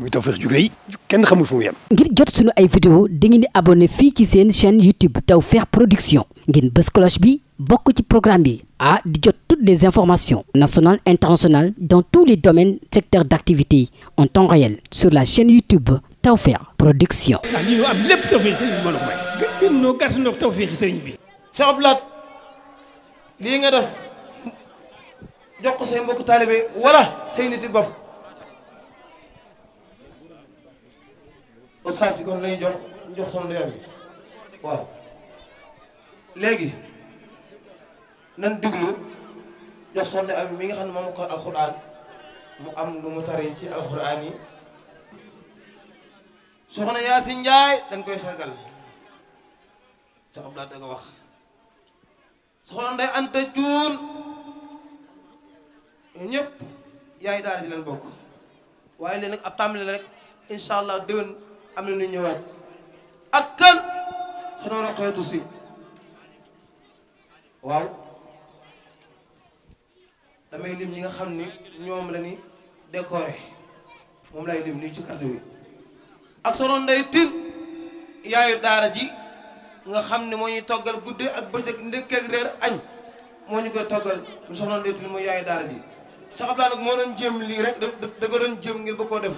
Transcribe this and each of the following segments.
muy Tawfekh ju rëy kenn xamul fu mu yem. ngir jot sunu ay vidéo dangeen di abonné fii ci seen chaîne YouTube Tawfekh Production ngeen bës bi bokk ci programme bi ah di jot toutes les informations nationales internationales dans tous les domaines secteurs d'activité en temps réel sur la chaîne YouTube Tawfekh Production. ah lii am lépp Tawfekh sëriñ bi mbooloo mooy. gën gën ñoo lii nga def jox ko say mbokk taalibe wala say nit yi bopp. oustaz si kon la jox jox son doyam yi waaw léegi nan déglu jox son doyam mi nga xam ne moom ko alxuraan mu am lu mu tari ci alxuraan yi soxna si Njaay dañ koy sargal sox ab daal da wax soxna Ndey Anta Cuun ñëpp yaay daal ji leen bokk waaye léegi nag ab tàmbali rek incha allah déwén am na ñu ñëwaat ak kan sono roqeetu si waaw damay lim yi nga xam ni ñoom la ni décoré moom lay lim nii ci kàddu ak sono ndey tin yaayu daara ji nga xam ne moo ñuy toggal gudde ak bëccëg ndekkeeg réer añ moo ñu koy toggal mu soxna ndeetul mooy yaayu daara ji sax ab nag moo doon jëm lii rek da da ko doon jéem ngir ba koo def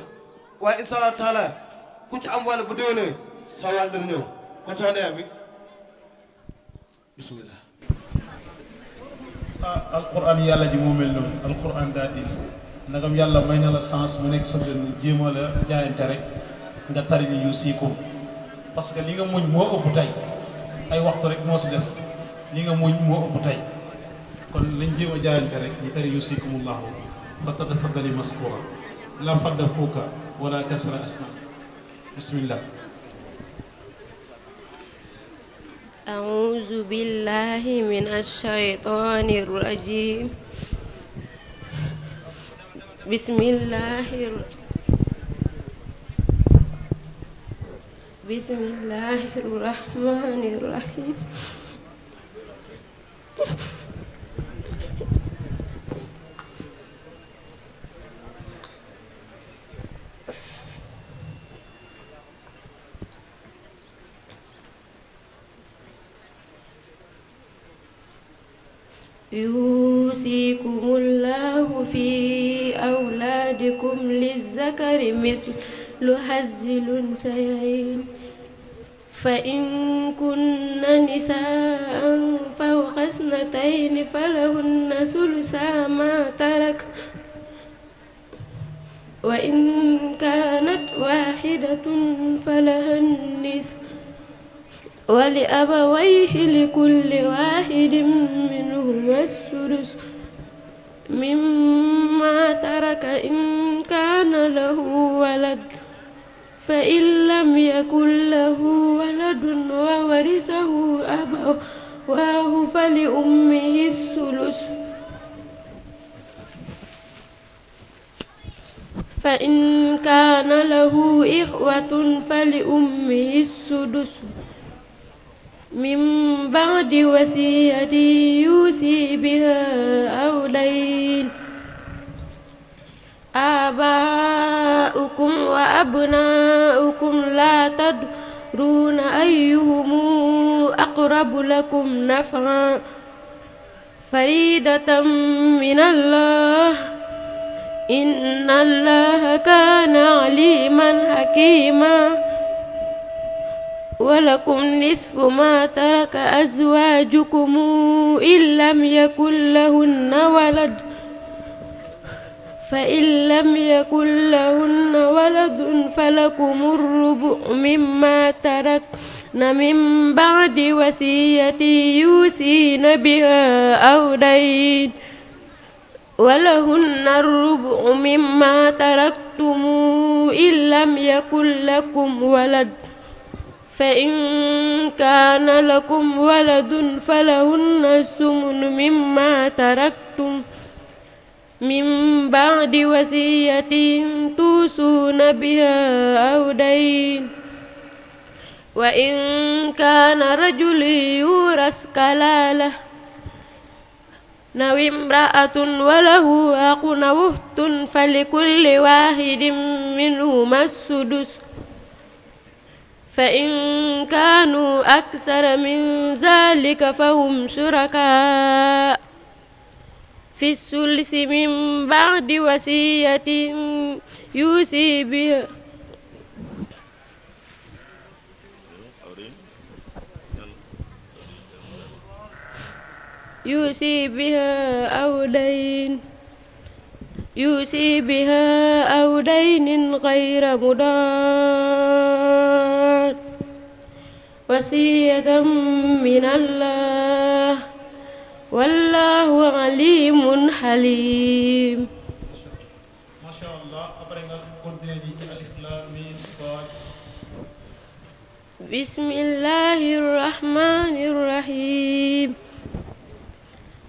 waaye incha allah taala ku ci am wàll bu déwénee sa wàll dana ñëw kon soxna Yamy bismillah ah alquran yàlla ji moo mel noonu alquran daa diis nagam yàlla may na la sens mu nekk sa benn jéem a la jaayante rek nga tari ni yu sii parce que li nga muñ moo ëpp tey ay waxtu rek moo si des li nga muñ moo ëpp tey kon lañ jéem a jaayante rek ñu tari yu siikumullahu fa tatafaddali maskura la fadda fuuka wala kasra asna bismillah أعوذ بالله من الشيطان الرجيم بسم الله بسم الله الرحمن الرحيم مثل هزل سيعين فإن كن نساء فوق اثنتين فلهن ثلثا ما ترك وإن كانت واحدة فلها النصف ولأبويه لكل واحد منهما السدس مما ترك إن كان له ولد فإن لم يكن له ولد وورثه أبواه فلأمه الثلث فإن كان له إخوة فلأمه السدس من بعد وصية يوصي بها أو دين آباؤكم وأبناؤكم لا تدرون أيهم أقرب لكم نفعا فريدة من الله إن الله كان عليما حكيما ولكم نصف ما ترك أزواجكم إن لم يكن لهن ولد فإن لم يكن لهن ولد فلكم الربع مما تركن من بعد وصية يوصين بها أو دين ولهن الربع مما تركتم إن لم يكن لكم ولد فإن كان لكم ولد فلهن الثمن مما تركتم من بعد وصية توصون بها أو دين وإن كان رجل يورث كلالة أو امرأة وله أخ أو أخت فلكل واحد منهما السدس فإن كانوا أكثر من ذلك فهم شركاء في الثلث من بعد وصية يوصي بها يوصي بها أو دين يوصي بها أو دين غير مضار وصية من الله والله عليم حليم ما شاء الله بسم الله الرحمن الرحيم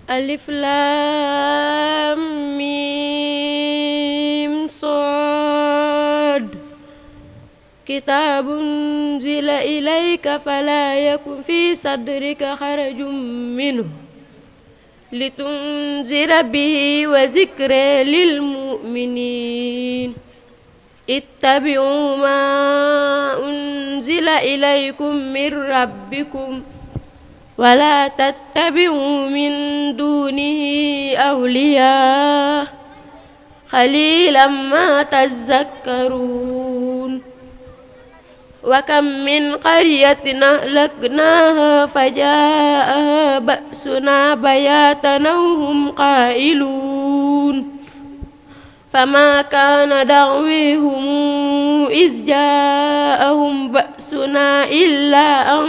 ألف لام ميم صاد كتاب أنزل إليك فلا يكن في صدرك حرج منه لتنذر به وذكرى للمؤمنين اتبعوا ما أنزل إليكم من ربكم ولا تتبعوا من دونه أولياء قليلا ما تذكرون وكم من قرية أهلكناها فجاءها بأسنا بياتا وهم قائلون فما كان دعويهم إذ جاءهم بأسنا إلا أن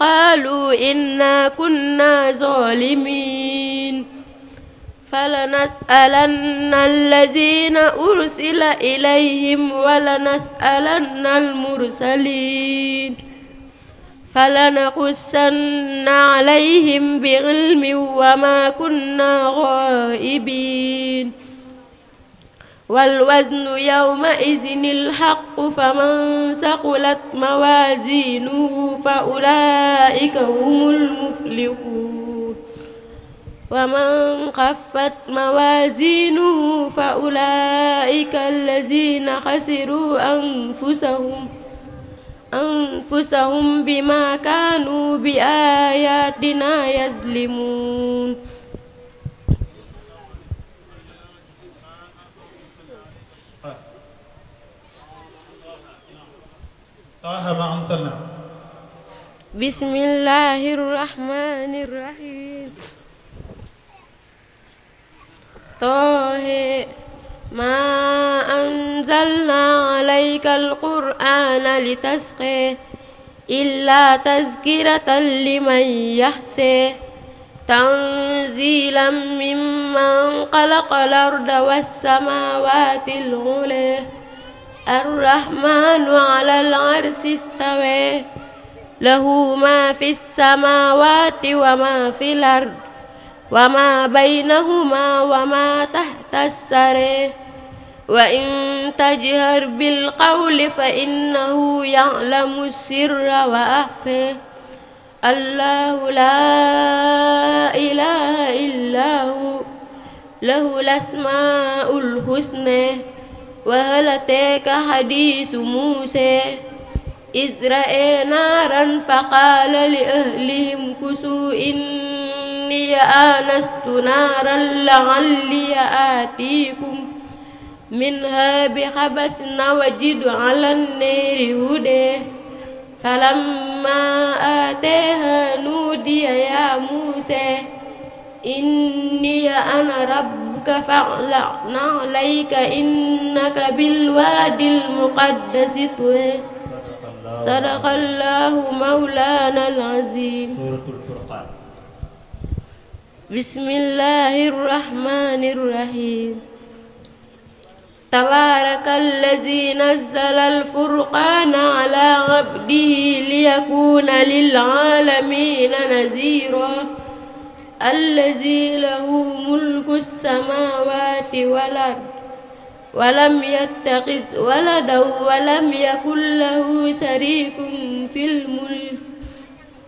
قالوا إنا كنا ظالمين فلنسألن الذين أرسل إليهم ولنسألن المرسلين فلنقصن عليهم بعلم وما كنا غائبين والوزن يومئذ الحق فمن ثقلت موازينه فأولئك هم المفلحون ومن خفت موازينه فأولئك الذين خسروا أنفسهم أنفسهم بما كانوا بآياتنا يظلمون طه ما أنزلنا بسم الله الرحمن الرحيم طه ما أنزلنا عليك القرآن لتسقي إلا تذكرة لمن يحسي تنزيلا ممن خلق الأرض والسماوات العلى الرحمن على العرش استوى له ما في السماوات وما في الأرض wa ma baynahuma wa ma tahta sare wa in tajhar bil qawli fa innahu ya'lamu sirra wa akhfa allahu laa ilaha illa hu lahu lasmaa'ul husna wa hal ataaka hadiisu muusaa إذ رأى نارا فقال لأهلهم كسوا إني آنست نارا لعلي آتيكم منها بخبس وجد على النار هدى فلما آتاها نودي يا موسى إني أنا ربك فاعلع عليك إنك بالوادي المقدس طوي sadaqallaahu mawlaana al-aziim. suuratul furqaan. bismillaahi rahmaani rahiim. tabaarakallazi nazzala al-furqaana alaa abdihi liyakuuna lil-aalamiina naziiraa. allazi lahu mulku as-samaawaati wal-ard. ولم يتخذ ولدا ولم يكن له شريك في الملك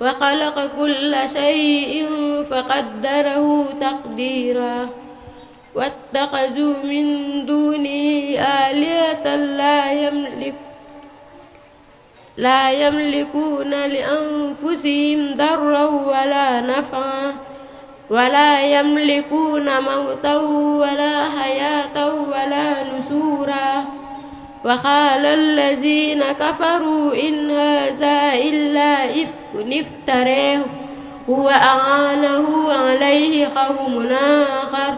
وخلق كل شيء فقدره تقديرا واتخذوا من دونه آلهة لا يملك لا يملكون لأنفسهم ضرا ولا نفعا ولا يملكون موتا ولا حياة ولا وقال الذين كفروا إن هذا إلا إفك افتريه هو أعانه عليه قوم آخر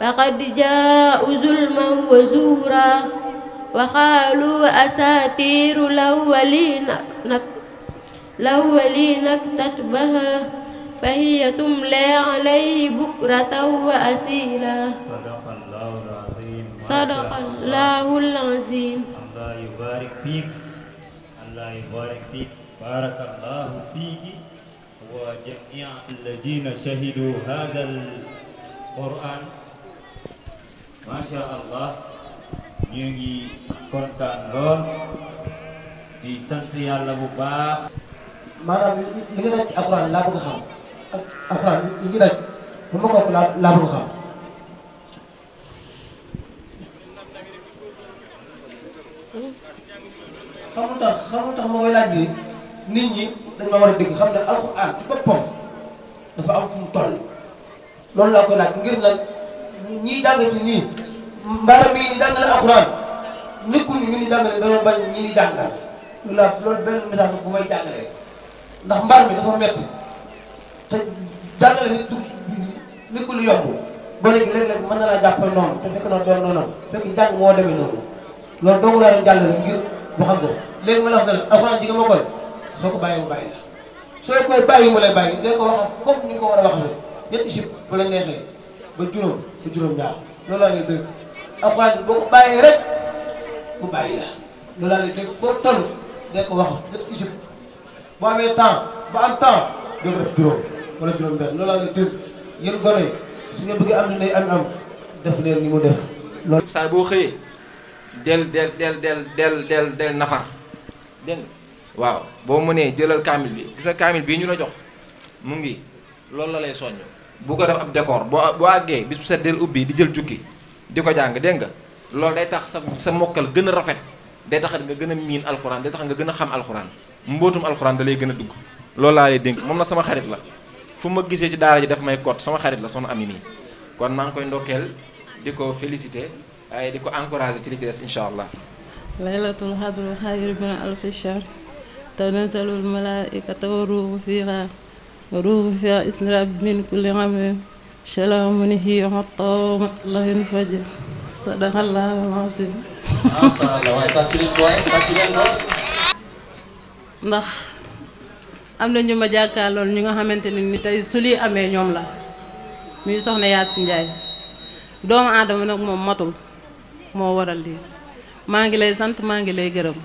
فقد جاءوا ظلما وزورا وقالوا أساطير الأولين الأولين اكتتبها فهي تملى عليه بكرة وأسيلا sadaqallahul azim allah yubarik fiik allah yubarik fiik barakallahu fiiki wa jamii allazina shahidu hadha alquran masha allah ñu ngi kontaan lool di sant yàlla bu baax maanaam li nga daj alquran laa bëgg a xam ak alquran li nga daj bu ma ko laa bëgg a xam xamu tax xamu tax ma koy laaj bi nit ñi dañ ma war a dégg xam ne alxuraan ci boppam dafa am fu mu toll loolu laa koy laaj ngir nag ñiy jàng ci nii mbaara bii ñu jàngale alxuraan nekkuñu ñu ñu jàngale dañoo la loolu benn message bu may jàngalee ndax mbaar bi dafa métti te jàngale nit du nekkul lu yomb ba léegi léeg-léeg mën na laa jàppale noonu te fekk na doon noonu fekk jàng moo demee noonu loolu doogu laa doon jàllale ngir mu xam ko léegi ma la wax ne la alxuraan ji ma koy soo ko bàyyi mu bàyyi la soo koy bàyyi mu lay bàyyi ko ko a wax ne la neexee ba juróom ba juróom ñaar loolu laa lay dégg alxuraan bi boo ko bàyyee rek mu bàyyi la loolu laa lay dégg boo toll dinañ ko wax ñetti sib bu amee temps ba am temps doo ko def juróom wala juróom benn loolu laa lay dégg yéen gone yi su ngeen bëggee am li lay am am def leen ni mu def loolu saa boo xëyee del del del del del del del nafar dégg waaw boo mënee jëlal kaamil bi gis kaamil bii ñu la jox mu ngi loolu la lay soññ bu ko def ab décor boo boo àggee bi su set del ubbi di jël jukki di ko jàng dégg nga loolu day tax sa sa mokkal gën a rafet day tax nga gën a miin alxuraan day tax nga gën a xam alxuraan mbootum alxuraan da lay gën a dugg loolu laa lay dénk moom na sama xarit la fu ma gisee ci daara ji dafa may kot sama xarit la soxna Ami nii kon maa ngi koy ndokkeel di ko félicité waaye di ko encouragé ci li des incha allah laylatul xadru xayru min alfi shahr tanazalul malaikata wa ruuhu fiha wa ruuhu fiha israab min ndax am na ñu ma jàkkaarloon ñu nga xamante ne ni tey su lii amee ñoom la muy soxna Yaasin Njaay doomu aadama nag moom matul moo waral lii maa ngi lay sant maa ngi lay gërëm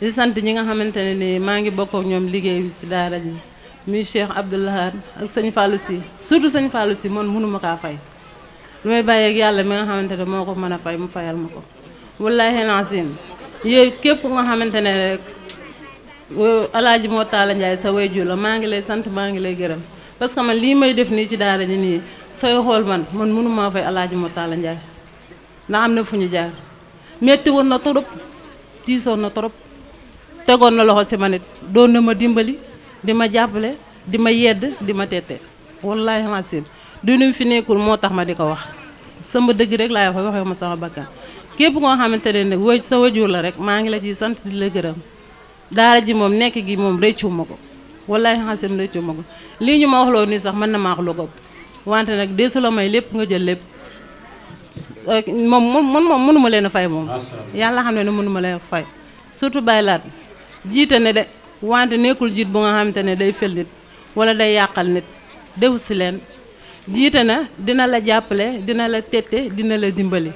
di sant ñi nga xamante ne ni maa ngi bokk ñoom liggéey bi si daara ji muy Cheikh Abdoulahad ak sëñ Fallou si surtout sëñ Fallou si man mënuma kaa fay lu may yàlla mi nga xamante ne moo ko mën a fay mu fayal ma ko wallaahi laasim yooyu képp nga xamante ne rek euh, alaaji moo taala Ndiaye sa way ju la maa ngi lay sant maa ngi lay gërëm parce que man lii may def nii ci daara ji nii sooy xool man man mënumaa fay alaaji moo taala Ndiaye ndax am na fu ñu jaar metti woon na trop tiisoon na trop tegoon na loxo si ma nit doon na ma dimbali di ma jàppale di ma yedd di ma tette wallaahi xanaa du nu fi nekkul moo tax ma di ko wax sama dëgg rek laay wax waxe ma sama bakkan képp koo xamante ne nag wëj sa wëjur la rek maa ngi la ciy sant di la gërëm daara ji moom nekk gi moom rëccu ma ko wallaahi xanaa rëccu ma ko lii ñu ma wax loo nii sax mën na ma wax lu ko wante nag deesu la may lépp nga jël lépp. moom man moom mënuma leen a fay moom yàlla xam ne ne mënuma leen a fay surtout Baye Laat jiite ne de wante nekkul jiit bu nga xamante ne day fel nit wala day yàqal nit defu si leen jiite na dina la jàppale dina la tette dina la dimbali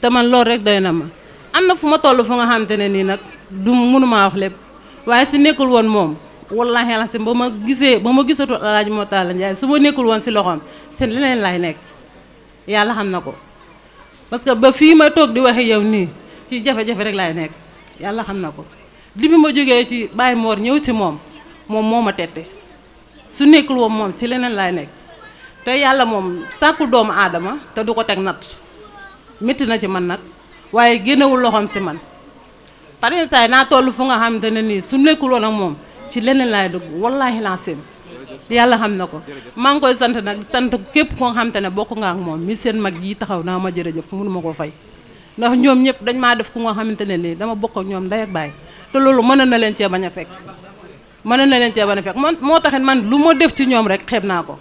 te man loolu rek doy na ma am na fu ma toll fu nga xamante ne nii nag du mënumaa wax lépp waaye si nekkul woon moom wallaahi la si ba ma gisee ba ma gisatul alaaji moo taala njaay su ma nekkul woon si loxoom seen leneen lay nekk yàlla xam na ko parce que ba fii ma toog di waxe yow nii ci jafe-jafe rek laay nekk yàlla xam na ko li bi ma jógee ci Baye Mor ñëw ci moom moom moo ma tette su nekkul woon moom ci leneen laay nekk te yàlla moom sàkkul doomu aadama te du ko teg natt métti na ci man nag waaye génnewul loxoom si man pare naa toll fu nga xamante ne nii su nekkul woon ak moom ci leneen laay dugg wallaahi laa seen yàlla xam na ko maa ngi koy sant nag sant képp koo xam te ne bokk nga ak moom mi seen mag yi taxaw naa ma jërëjëf mënu ma ko fay ndax ñoom ñëpp dañ maa def ku nga xamante ne nii dama bokk ñoom ndey ak te loolu mën na leen cee bañ a fekk mën na leen cee bañ man moo taxit man lu ma def ci ñoom rek xeb naa ko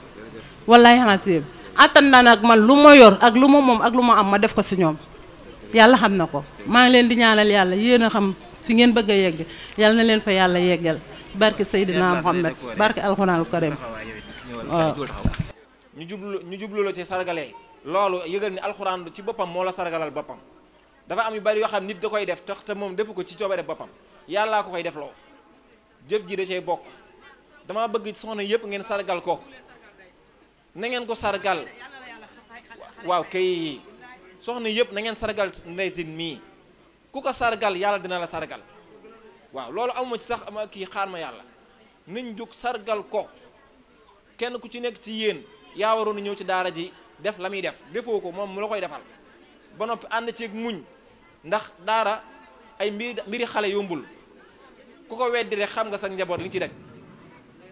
wallaay xanaa attan naa nag man lu ma yor ak lu ma moom ak lu ma am ma def ko si ñoom yàlla xam na ko maa ngi leen di ñaanal yàlla yéen a xam fi ngeen bëgg a yegg yàlla na leen fa yàlla yeggal barke Seydina Mohamed barke alxuraanul karim waaw ñu jublu ñu jublu la ci sargalee loolu yëgal ni alxuraan ci boppam moo la sargalal boppam dafa am yu bari yoo xam nit da koy def tax te moom defu ko ci coobare boppam yàllaa ko koy def loo jëf ji da cay bokk dama bëgg soxna yëpp ngeen sargal ko na ngeen ko sargal waaw kay soxna yëpp na ngeen sargal ndeytin mii ku ko sargal yàlla dina la sargal waaw loolu amuma ci sax ama kii xaar ma yàlla nañ jóg sargal ko kenn ku ci nekk ci yéen yaa waroon ñëw ci daara ji def la muy def defoo ko moom mu la koy defal ba noppi ànd ceeg muñ ndax daara ay mbir mbiri xale yombul ku ko weddi rek xam nga sa njaboot li ci def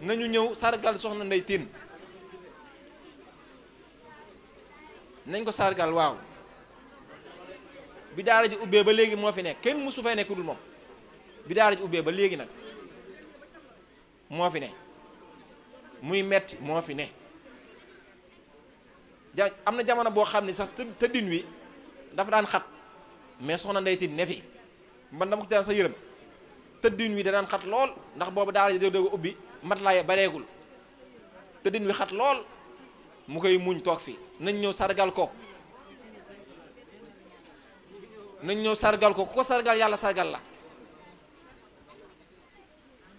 nañu ñëw sargal soxna Ndeye Tine nañ ko sargal waaw bi daara ji ubbee ba léegi moo fi nekk kenn mësu fay nekk moom bi daara ji ubbee ba léegi nag moo fi ne muy metti moo fi ne ja am na jamono boo xam ne sax të tëddin wi dafa daan xat mais soxna Ndeye Tine ne fi man dama ko daan sa yërëm tëddin wi da daan xat lool ndax boobu daara ji dégg ubbi mat laay bareegul tëddin wi xat lool mu koy muñ toog fi nañ ñëw sargal ko nañ ñëw sargal ko ku ko sargal yàlla sargal la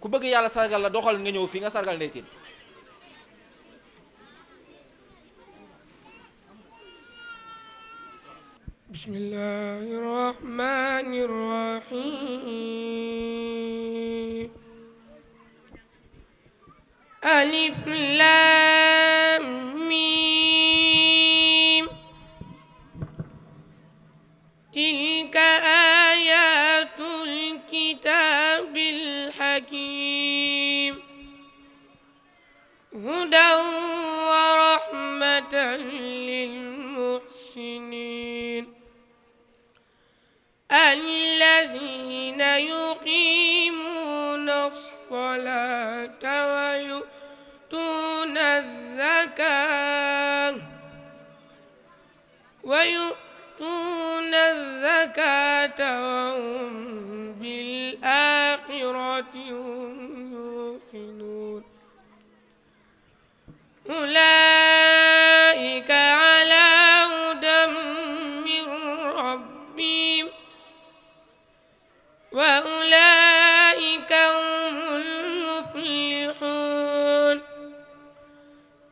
ku bëgg yàlla sargal la doxal nga ñëw fi nga sargal Ndeye Tine أولئك على هدى من ربهم وأولئك هم المفلحون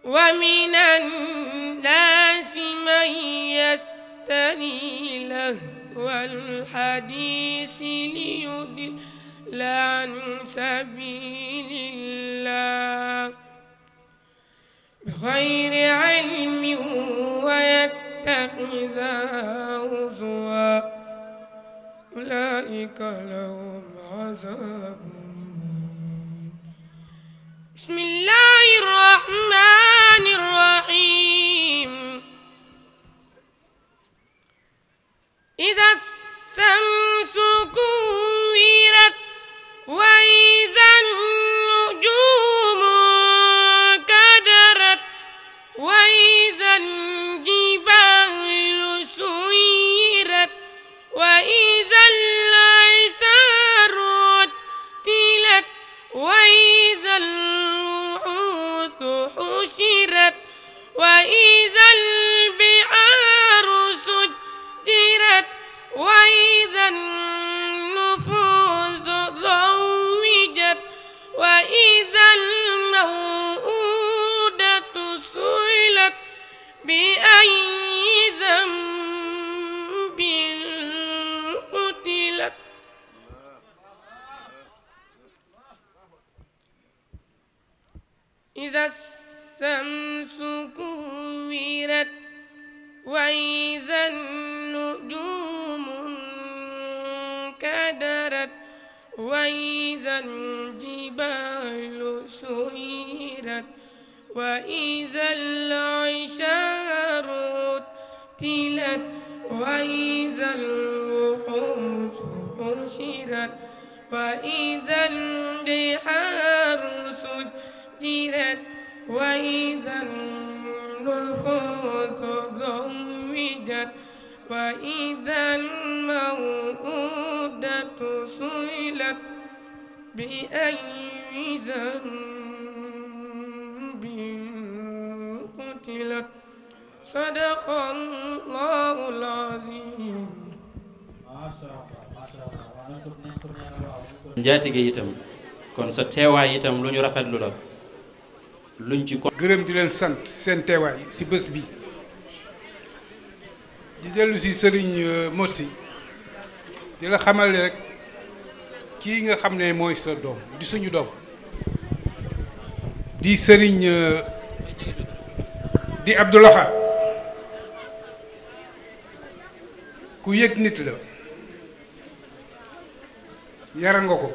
ومن الناس من يستني له والحديث ليضل عن سبيل الله بغير علم ويتخذها هزوا أولئك لهم عذاب بسم الله الرحمن الرحيم إذا الشمس كورت وإذا wa وإذا النفوس زوجت وإذا الموءودة سئلت بأي ذنب قتلت صدق الله العظيم njaatige itam kon sa teewaay itam lu ñu rafetlu la luñ ci ko gërëm di leen sant seen teewaay si bés bi di dellu sëriñ euh, Mossi di la xamal rek kii nga xam ne mooy sa doom di suñu doom di sëriñ euh, di Abdoulaha ku yëg nit la yara nga ko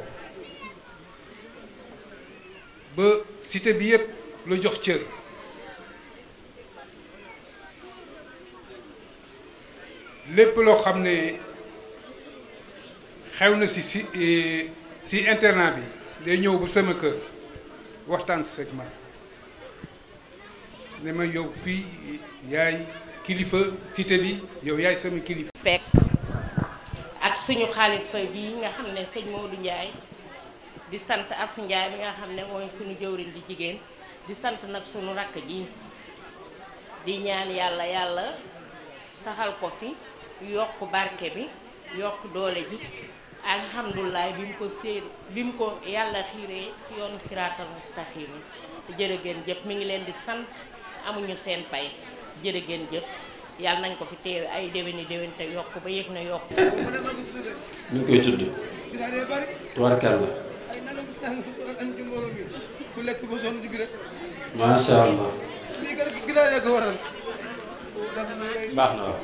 ba cité bi yëpp lu jox cër lépp loo xam ne xew na si si si internat bi day ñëw ba sama kër waxtaan si man ne ma yow fii yaay kilifa cité bi yow yaay sama kilifa. fekk ak suñu xalifa bi nga xam ne sëñ Modou Ndiaye di sant Assou Ndiaye mi nga xam ne mooy suñu jëwriñ di jigéen. di sant nag sunu rakk ji di ñaan yàlla yàlla saxal ko fi yokk barke bi yokk doole ji alhamdulilah bi mu ko séer bi mu ko yàlla xiiree yoonu siraatal mustaqim jërë ngeen jëf mi ngi leen di sant amuñu seen pay jërë ngeen jëf yàlla nañ ko fi teewe ay déwéni déwén yokk ba yëg na yokk ñu ngi koy tudd tubaarkàlla ku macha allah. baax na waaw.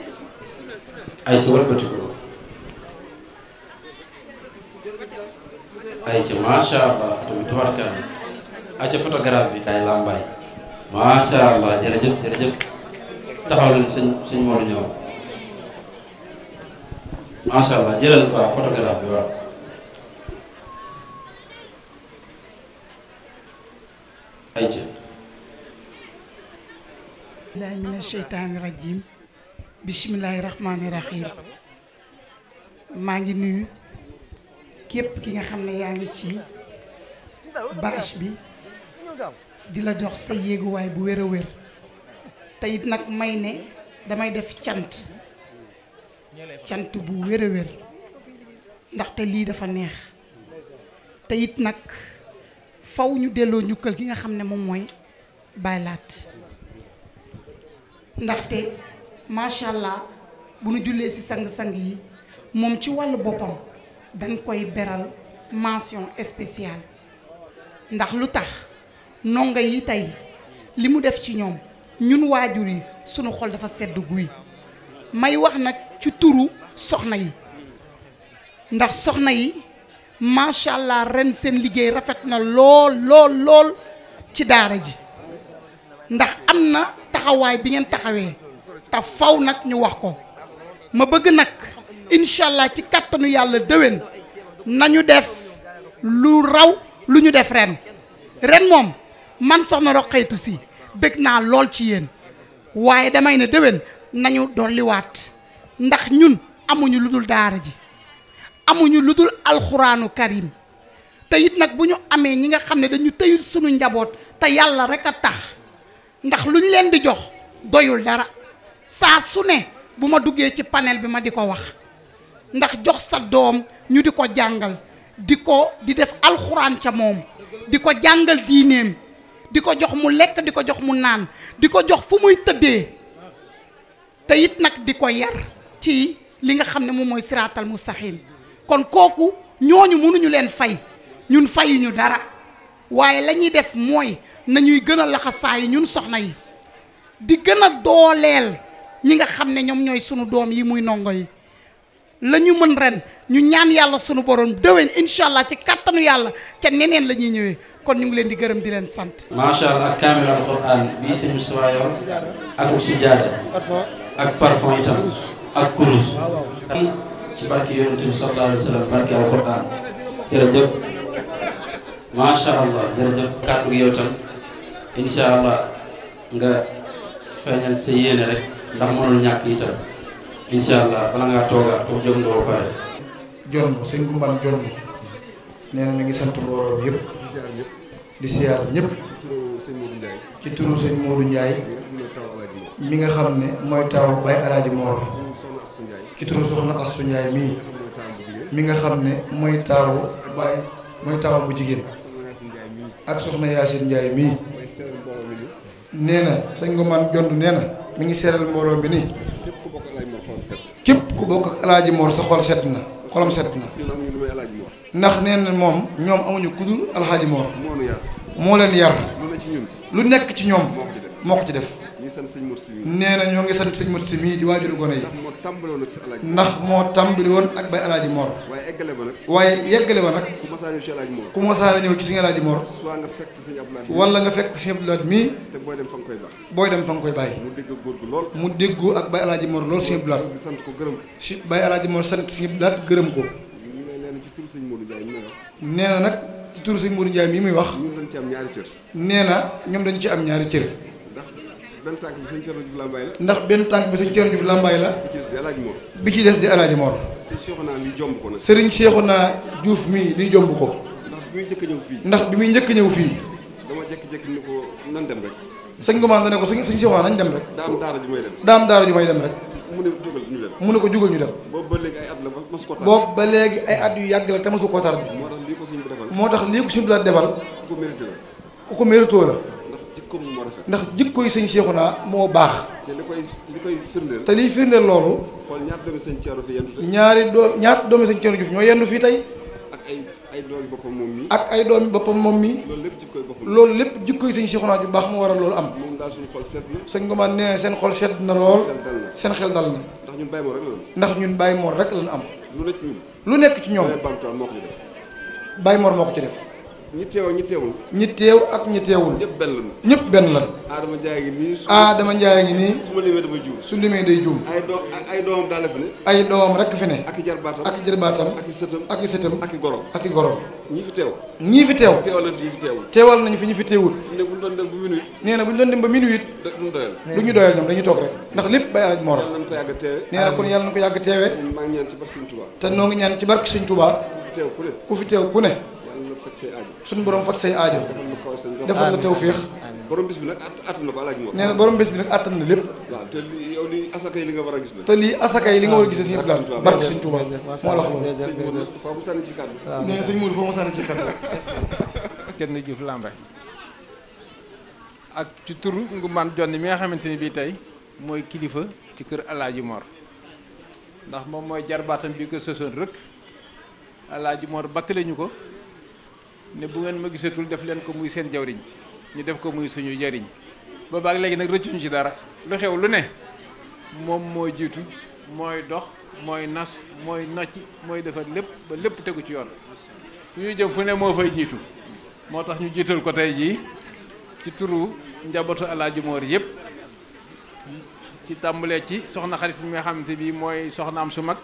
ay ci wëlbatiku ko. ay ci macha allah tamit tubarkalla. ay ci photographe bi. ay làmbaay. macha allah jërëjëf jërëjëf. taxaw leen sëñ sëñ Modou ñëw. macha allah jëlal waaw photographe bi waaw. ay ci. billahi min asheytaani rajim bisimilahi rahmaani rahim maa ngi nuyu képp ki nga xam ne yaa ngi ci bâche bi di la jox sa yéeguwaay bu wér a wér te nag may ne damay def cant cant bu wér a wér lii dafa neex te it nag faw ñu delloo njukkal ki nga xam ne moom mooy baylaat ndaxte macha allah bu nu jullee ci sang-sang yi moom ci wàllu boppam dañ koy beral mention spéciale ndax lu tax ndongo yi tey li mu def ci ñoom ñun waajur yi sunu xol dafa sedd guy may wax nag ci turu soxna yi ndax soxna yi macha allah ren seen liggéey rafet na lool lool lool ci daara ji ndax am na taxawaay bi ngeen taxawee te faw nag ñu wax ko ma bëgg nag incha allah ci kàttanu yàlla déwén nañu def lu raw lu ñu def ren ren moom man soxna Roqaytu Si bëgg naa lool ci yéen waaye damay na déwén nañu dolliwaat ndax ñun amuñu lu dul daara ji amuñu lu dul alxuraanu karim te nag bu ñu amee ñi nga xam ne dañu tëyul sunu njaboot te yàlla rek a tax ndax lu ñu leen di jox doyul dara saa su ne bu ma duggee ci paneel bi ma di ko wax ndax jox sa doom ñu di ko jàngal di ko di def alxuraan ca moom di ko jàngal diineem di ko jox mu lekk di ko jox mu naan di ko jox fu muy tëddee te it nag di ko yar ci li nga xam ne moom mooy siraatal mustaxim kon kooku ñooñu mënuñu leen fay ñun fayuñu dara waaye lañuy def mooy nañuy gën a laxasaay ñun soxna yi di gën a dooleel ñi nga xam ne ñoom ñooy sunu doom yi muy ndongo yi la mën ren ñu ñaan yàlla sunu borom déwén incha allah ci kattanu yàlla ca neneen la ñuy ñëwee kon ñu ngi leen di gërëm di leen sant. macha allah ak kaamil alquran bii sëñ Moustapha ak sijaada ak parfum itam ak kurus. ci barke yonent bi sallallahu alayhi wa sallam barke alquran jërëjëf macha allah jërëjëf kàddu gi yow tam. incha allah nga feeñal sa yéene rek ndax mënul ñàkk itam incha allah bala ngaa toogaat ko jot nga ba pare. Jonn sëñ Gumban Jonn nee na mi ngi sant mbooloo yëpp di siyaar ñëpp ci turu sëñ Modou Ndiaye mi nga xam ne mooy taaw Baye Alaaji Moor ci turu soxna Assu Ndiaye mii mi nga xam ne mooy taaw Baye mooy taawam bu jigéen ak soxna Yacine Ndiaye mii. nee na sëñ Ngomaan Jond nee na mi ngi seeral mbooloo bi nii képp ku bokk ak alaaji Mor sa xol set na xolam set na ndax nee na moom ñoom amuñu ku dul alaaji Mor moo leen yar lu nekk ci ñoom moo ko ci def sant sëñ Mursi mii. nee na ñoo ngi sant sëñ Mursi mii di waajuru gone yi. ndax moo tàmbali woon ak moo tàmbali woon ak bay alaaji Mor. waaye eggale ba nag. waaye yeggale ba nag. ku masaana ñëw ci alaaji Mor. ku masaana ñëw ci sëñ alaaji Mor. soit nga fekk sëñ Abdoulaye. wala nga fekk sëñ Abdoulaye mii. te booy dem fa nga koy baax. booy dem fa bàyyi. mu dégg góor gu lool. mu dégg ak bay alaaji Mor lool sëñ Abdoulaye. sant ko gërëm. si bay alaaji Mor sant sëñ Abdoulaye gërëm ko. nee na nag ci turu sëñ Modou Ndiaye mi muy wax. nee na ñoom dañ ci am ñaari cër. benn tànk bi sëñ Thierno ndax benn tànk bi sëñ Thierno Diouf Lambaye la. bi ci des di El Hadj Mor. bi ci des di El Hadj Mor. sëñ Cheikhouna li jomb ko nag. mii li jomb ko. ndax bi muy jëkk ñëw fii. ndax bi muy njëkk a ñëw fii. dama jékki ni ko nan dem rek. sëñ Gomaan da ne ko sëñ sëñ Cheikhouna nañ dem rek. daam daara ju may dem. daam daara ju dem rek. mu ne ko jógal ñu dem. boobu ba léegi ay at la masu ko tardé. boobu at yu yàgg la te masu ko tardé. moo tax lii ko sëñ bi defal. moo tax lii ko sëñ bi la defal. ku ko mérité la. la. jikkoom moo rafet ndax jikkoy sëñ Cheikhouna moo baax te li koy li koy te liy firndeel loolu xool ñaar doomi sëñ Thierno fi yendu ñaari doo ñaar doomi sëñ Thierno Diouf ñoo yendu fii tey ak ay ay doomi boppam moom mi ak ay doomi boppam moom mi loolu lépp jikkoy boppam loolu lépp jikkoy sëñ Cheikhouna ju baax moo waral loolu am moom daal suñu xol sedd na sëñ Ngomane nee seen xol sedd na lool seen xel dal na ndax ñun Baye Mor rek la ndax ñun rek lañ am lu nekk ci ñoom Baye Mor moo ko ci def ñi teew ak ñi teewul. ñi teew ak ñi teewul. ñëpp benn lan. ñëpp benn lan. Adama Ndiaye ngi nii. Adama Ndiaye ngi nii. su ma limee damay juum. su limee day juum. ay doom ay doomam daal la fi ne. ay doomam rek fi ne. ak i jarbaatam ak i jarbaatam. ak i sëtam ak i sëtam. ak i gorom ak i gorom. ñii fi teew. ñii fi teew. teewal nañu fi ñi fi teewul. teewal nañu fi ñi fi teewul. ne bu ñu doon dem ba minuit. nee na bu ñu doon dem ba minuit. duñu doyal. lu ñu doyal ñoom dañuy toog rek. ndax lépp bay alaj morom. nee na kon yàlla na ko yàgg teewee. te noo ngi ñaan ci barke Sëñ Tuubaa ku fi teew ku ne. suñ borom faj say aajo. defal la tawféex. borom bis bi nag attan na ko alaaj moo nee na borom bis bi nag attan na lépp. waaw te yi a gis asaka yi li nga war a gis yëpp daal barke Sëñ Tuubaa moo la xam loolu. foo mu na sëñ Mourou foo mu sànni ci kàddu. kenn mi nga xamante ni bii tey mooy kilifa ci kër Alaaji Mor ndax moom mooy jar jarbaatam bi ko sësoon rëkk Alaaji Mor bakkale ñu ko. ne bu ngeen ma gisatul def leen ko muy seen jawriñ ñu def ko muy suñu jariñ boobaak léegi nag rëccuñu ci dara lu xew lu ne moom mooy jiitu mooy dox mooy nas mooy nocc mooy defar lépp ba lépp tegu ci yoon suñu jëm fu ne moo fay jiitu moo tax ñu jiital ko tey jii ci turu njabootu Alaaji Moor yëpp ci tàmbalee ci soxna xarit mi nga xamante bi mooy soxnaam su mag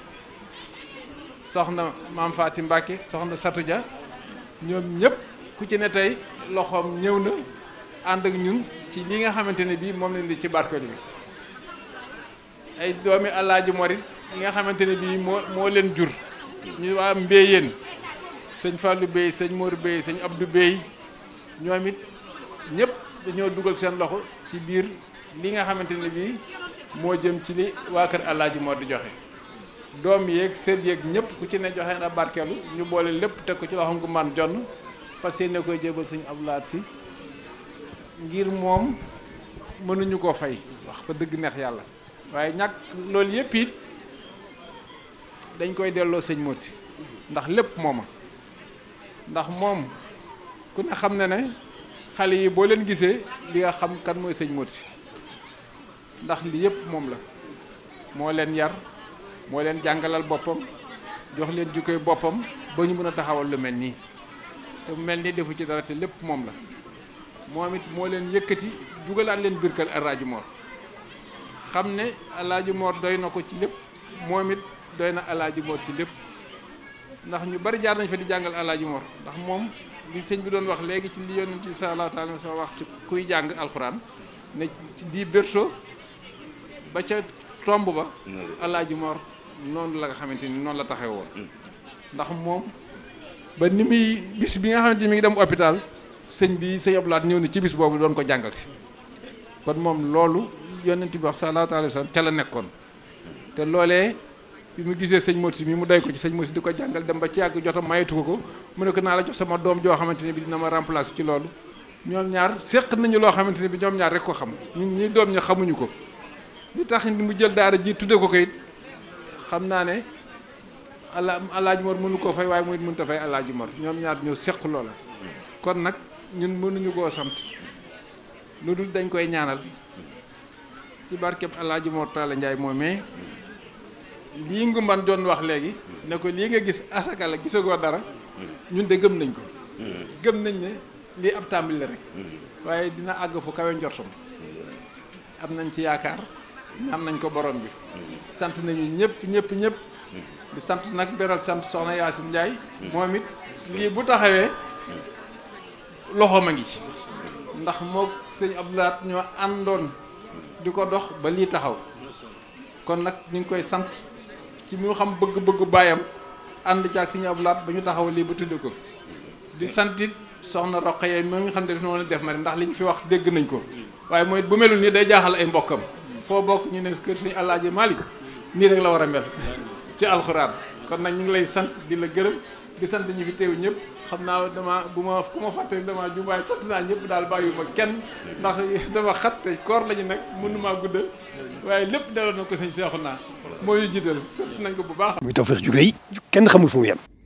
soxna maam Faati Mbàkke soxna Satu Ja ñoom ñëpp ku ci ne tey loxoom ñëw na ànd ak ñun ci li nga xamante ne bii moom lañ di ci barkeel bi ay doomi Alaaji Morit yi nga xamante ne bii moo moo leen jur ñu waa Mbéyeen sëñ Fallou Bey sëñ Mor Bey sëñ Abdou Bey ñoom it ñëpp dañoo dugal seen loxo ci biir li nga xamante ne bii moo jëm ci li waa kër Alaaji Mor di joxe. doom yéeg sët yeeg ñëpp ku ci ne joxe na barkeelu ñu boole lépp teg ko ci loxo ngu man jonn fas ne koy jébal sañ Abdou laat si ngir moom mënuñu koo fay wax fa dëgg neex yàlla waaye ñàkk loolu yëpp it dañ koy delloo sëñ Modou si ndax lépp mooma ndax moom ku ne xam na ne xale yi boo leen gisee li nga xam kan mooy sëñ Modou si ndax li yëpp moom la moo leen yar moo leen jàngalal boppam jox leen jukkoy boppam ba ñu mën a taxawal lu mel nii te mu mel nii defu ci dara te lépp moom la moom it moo leen yëkkati jugalaat leen birkal alaaji moor xam ne alaaji moor doy na ko ci lépp moom it doy na alaaji moor ci lépp ndax ñu bari jaar nañ fa di jàngal alaaji ndax moom li sëñ bi doon wax léegi ci li yonent bi sallallahu alayhi wa sallam wax ci kuy jàng alxuraan ne di berceau ba ca tomb ba mm. alaaji moor noonu la nga xamante ni noonu la taxaw woon mm. ndax moom ba ni muy bis bi nga xamante ni mi ngi dem hôpital sëñ bi sëñ Abdoulaye ñëw na ci bis boobu doon ko jàngal si kon moom loolu yonent bi wax sallallahu alayhi wa sallam ca la nekkoon te loolee bi mu gisee sëñ Moti mi mu day ko ci sëñ Moti di ko jàngal dem ba ci yàgg jotam mayetu ko ko mu ne ko naa la jox sama doom joo xamante ne bi dina ma remplacer ci loolu ñoom ñaar séq nañu loo xamante ne bi ñoom ñaar rek ko xam ñun ñi doom ña xamuñu ko li tax mu jël daara ji tudde ko ko it xam naa ne ala alaaji mor mënu koo fay waaye mooy mënut a fay alaaji ñoom ñaar ñoo seq loola kon nag ñun mënuñu koo sant lu dul dañ koy ñaanal ci barkeb alaaji mor taala njaay moom mais lii ngumban doon wax léegi ne ko lii nga gis asaka la gisagoo dara ñun de gëm nañ ko gëm nañ ne lii ab tàmbali rek mm. waaye dina àgg fu kawe njortam am nañ ci yaakaar am nañ ko borom bi sant nañu ñëpp ñëpp ñëpp di sant nag beral sant soxna Yaasin Njaay moom it lii bu taxawee loxoom a ngi ci ndax moo sëñ Abdoulaat ñoo àndoon di ko dox ba lii taxaw kon nag ñu ngi koy sant ci mu xam bëgg-bëggu baayam ànd ci ak sëñ laat ba ñu taxaw lii ba tudd ko di santit soxna Roqaya moo nga xam ne def noonu def ma ndax li ñu fi wax dégg nañ ko waaye mooy bu melul nii day jaaxal ay mbokkam foo bokk ñu ne kër sëñ Alaaji Malick nii rek la war a mel ci alxuraan kon nag ñu ngi lay sant di la gërëm di sant ñi fi teew ñëpp xam naa dama bu ma ku ma fàttali dama jumbaay sant naa ñëpp daal bàyyiwuma kenn ndax dama xat te koor la ñu nekk mënumaa guddal waaye lépp daloon na ko sëñ naa moo ñu jiital sant nañ ko bu baax. muy tawfeex ju rëy kenn xamul fu yam